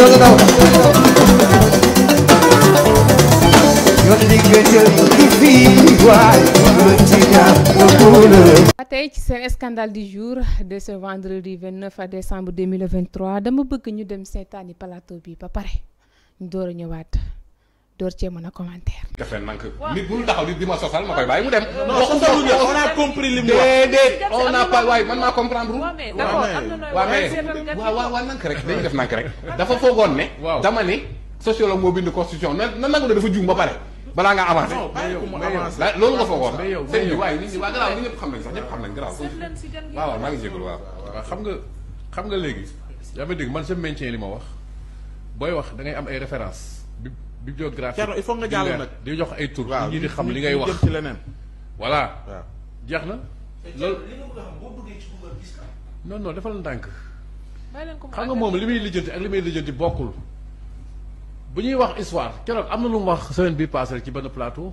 Joga não. yoon di fii waay lu ci seen scandale du jour de ce vendredi 29 décembre 2023 dama bëgg ñu dem seetaani plateau bi ba pare ñu door a ñëwaat. door cee mën a commentaire. dafa leen nit bu taxaw di dima sosal makoy bay mu dem. on a compris li mu wax déedéet on a pas way man ma comprendre. wa mais d'accord am na wa wa waaw nank rek dañu def nank rek. dafa fogon ne. dama ne sociologue mo bind constitution na na nangu dafa juum ba paré bala nga avancer lolu nga fogon sen bi way nit ñi waa garaaw ñëpp xam nañ sax ñëpp xam nañ garaaw wa maa ngi jégul wa xam nga xam nga légui ya ma dégg man sa maintien li ma wax boy wax da ngay am ay références bibliographie il faut nga jàll nag di jox ay tur. ñi di xam li ngay wax ci leneen. voilà jeex na. li nga bëgg xam boo duggee ci Google gis ka non non defal xam nga ak bu ñuy wax histoire lu wax semaine bi passé ci plateau.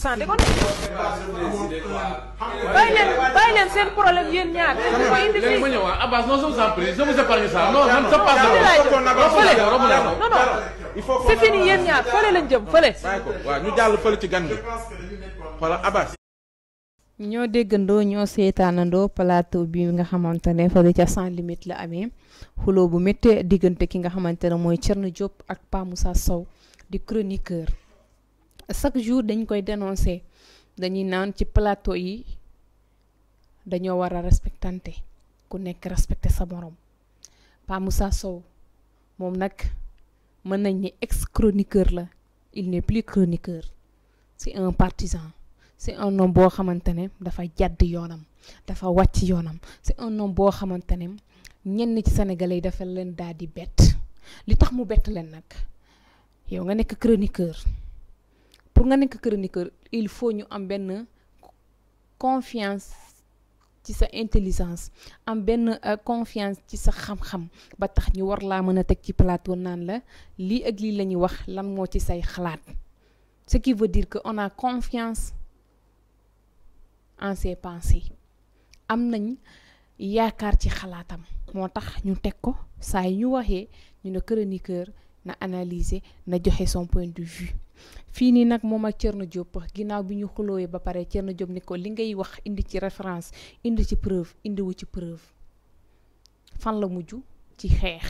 sans déconner bàyyi leen bàyyi leen seen problème yéen ñaar ngeen ko indi fii ma ñëw Abbas non je vous en prie je vous épargne ça non man ça passe non non c'est fini yéen ñaar fële lañ jëm fële waaw ñu jàll fële ci gan gi xoolal Abbas ñoo déggandoo ñoo seetaanandoo plateau bi nga xamante ne fële ca sans limite la amee xuloo bu méttee diggante ki nga xamante ne mooy Thierno ak Pa Moussa Sow di chroniqueur chaque jour dañ koy dénoncer dañuy naan ci plateau yi dañoo war a respectante ku nekk respecté sa morom Pa Moussa Sow moom nag mën nañ ni ex chroniqueur la il n'est plus chroniqueur c'est un partisan c'est un homme boo xamante ne dafa jàdd yoonam dafa wàcc yoonam c'est un homme boo xamante ne ñenn ci sénégalais yi dafa leen daal di bett li tax mu bett leen nag yow nga nekk chroniqueur pour nga nek chroniqueur il faut ñu am ben confiance ci sa intelligence am benn euh, confiance ci sa xam-xam ba tax ñu war la mëna tek ci plateau nan la li ak li la wax lan mo ci say xalaat ce qui veut dire que on a confiance en ses pensées am nañ yaakar ci xalaatam moo tax ñu tek ko say ñu waxé ñu ne chroniqueur na analyser na joxe son point de vue fii nii nag moom ak Thierno Diop ginnaaw bi ñu xulooyee ba pare Thierno Diop ni ko li ngay wax indi ci référence indi ci preuve indiwu ci preuve fan la mujj ci xeex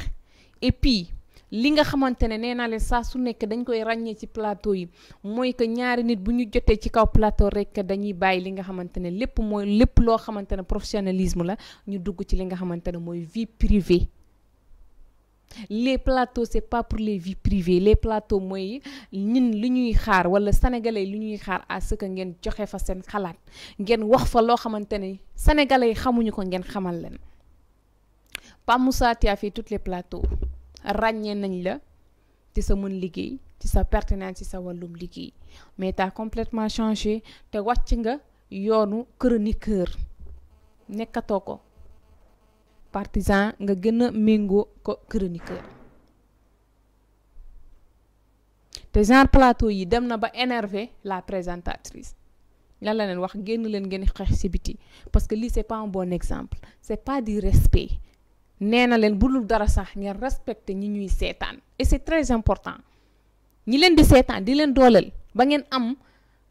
et puis li nga xamante ne nee naa leen saa su nekk dañ koy ràññee ci plateau yi mooy que ñaari nit bu ñu jotee ci kaw plateau rek dañuy bàyyi li nga xamante ne lépp mooy lépp loo xamante ne professionnalisme la ñu dugg ci li nga xamante ne mooy vie privée les plateaux c'est pas pour les vies privées les plateaux mooy ñun li ñuy xaar wala sénégalais li ñuy xaar à ce ngeen joxe fa seen xalaat ngeen wax fa loo xamante ni sénégalais yi xamuñu ko ngeen xamal leen Pa Moussa tu as fait tous les plateaux ràññee nañ la ci sa mën liggéey ci sa pertinence ci sa wàllum liggéey mais t'as complètement changé te wàcc nga yoonu chroniqueur nekkatoo ko partisan nga gën a méngoo ko chroniqueur te genre plateau yi dem na ba énervé la présentatrice lan la leen wax génn leen ngeen xeex ci biti parce que lii c'est pas un bon exemple c'est pas du respect nee na leen bu dara sax ngeen respecté ñi ñuy seetaan et c'est très important ñi leen di seetaan di leen dooleel ba ngeen am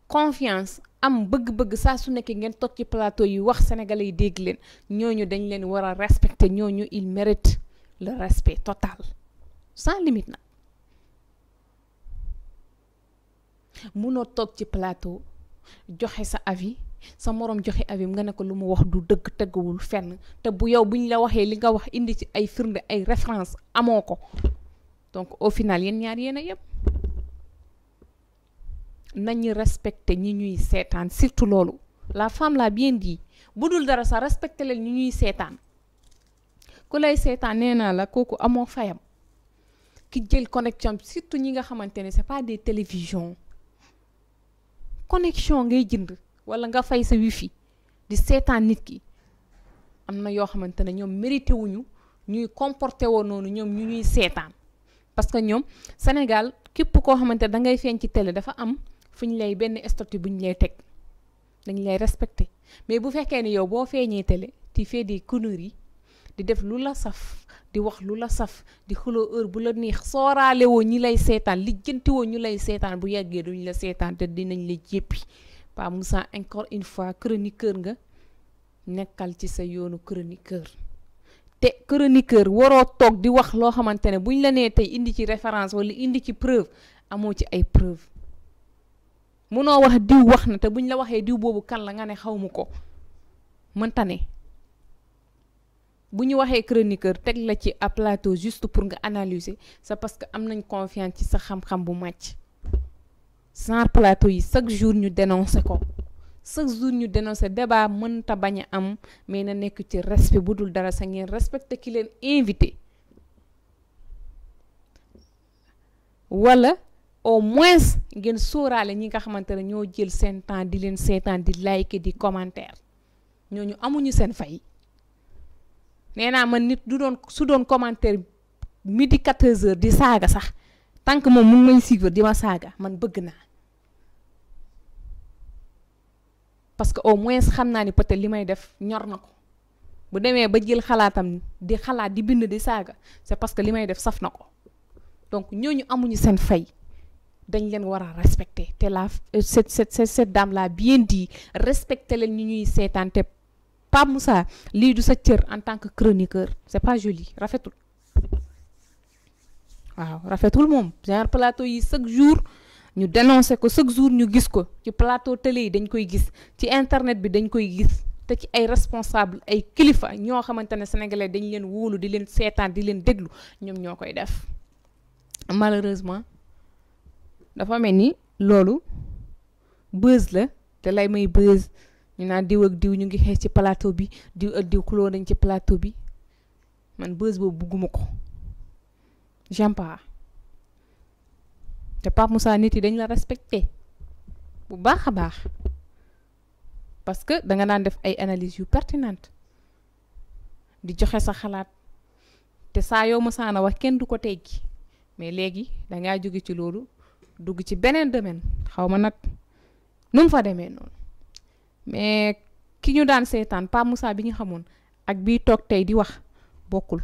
confiance am bëgg-bëgg saa su nekkee ngeen toog ci plateau yi wax sénégalais yi dégg leen ñooñu dañ leen war a respecter ñooñu il mérite le respect total sans limite nag munoo toog ci plateau joxe sa avis sa moroom joxe avis nga ne ko lu mu wax du dëgg teguwul fenn te bu yow buñ la waxee li nga wax indi ci ay firnde ay référence amoo ko donc au final yéen ñaar yéen a yëpp nañu respecté ñi ñuy seetaan surtout loolu la femme l'a bien dit bu dul dara sa respecté leen ñi ñuy seetaan ku lay seetaan nee naa la kooku amoo fayam ki jël connexion surtout ñi nga xamante ne c'est pas des télévisions connexion ngay jënd wala nga fay sa wifi di seetaan nit ki am na yoo xamante ne ñoom mérité wuñu ñuy comporté woon noonu ñoom ñu ñuy seetaan parce que ñoom Sénégal képp koo xamante da ngay feeñ ci télé dafa am fu ñu lay benn statut bu ñu lay teg dañ lay respecté mais bu fekkee ni yow boo feeñee télé ti fee di conneries yi di def lu la saf di wax lu la saf di xuloo heure bu la neex sooraale woo ñi lay seetaan lijjanti ñu lay seetaan bu yàggee duñ la seetaan te dinañ la jéppi Pa Moussa encore une fois chroniqueur nga nekkal ci sa yoonu chroniqueur te chroniqueur waroo toog di wax loo xamante ne buñ la nee tey indi ci référence wala indi ci preuve amoo ci ay preuve munoo wax diw wax na te buñ la waxee diw boobu kan la nga ne xaw mu ko mënta ne bu ñu waxee chroniqueur teg la ci à plateau juste pour nga analyser c'est parce que am nañ confiance ci sa xam-xam bu màcc genre plateau yi chaque jour ñu dénoncé ko chaque jour ñu dénoncé débat mënta bañ a am mais na nekk ci respect bu dul dara sa ngeen respecté ki leen invité wala au moins ngeen sóoraale ñi nga xamantene ñoo jël seen temps di leen seetaan di like di commentaire ñoo ñu amuñu seen fay nee man nit du doon su doon commentaire midi 14 h di saga sax tank mom mu mun may suivre di ma saga man bëgg na parce que au moins xamna ni peut-être limay def ñor na ko bu démé ba jël xalaatam di xalaat di bind di saga c'est parce que limay def saf na ko donc ñu amuñu seen fay dañ leen respecter euh, cette dame là bien dit respecter leen ñuy pas Moussa du sa en tant que chroniqueur c'est pas joli rafetul waaw rafetul moom genre plateau yi chaque jour ñu chaque jour ñu ko ci plateau télé yi dañ koy ci internet bi dañ koy gis te ci ay responsable ay kilifa ñoo sénégalais dañ leen wóolu di leen di déglu def malheureusement. dafa mel ni loolu buzz la te lay may buzz ñu naan diw ak diw ñu ngi xees ci plateau bi diw ak diw kuloo nañ ci plateau bi man buzz boobu bugguma ko j'aime pas te Pape Moussa nit yi dañ la respecté bu baax a baax parce que da nga daan def ay analyse yu pertinente di joxe sa xalaat te saa yow masaana wax kenn du ko teggi mais léegi dangaa jóge ci loolu dugg ci beneen domaine xaw ma nag nu fa demee noonu mais ki ñu daan seetaan Pa bi ñu xamoon ak bii toog tey di wax bokkul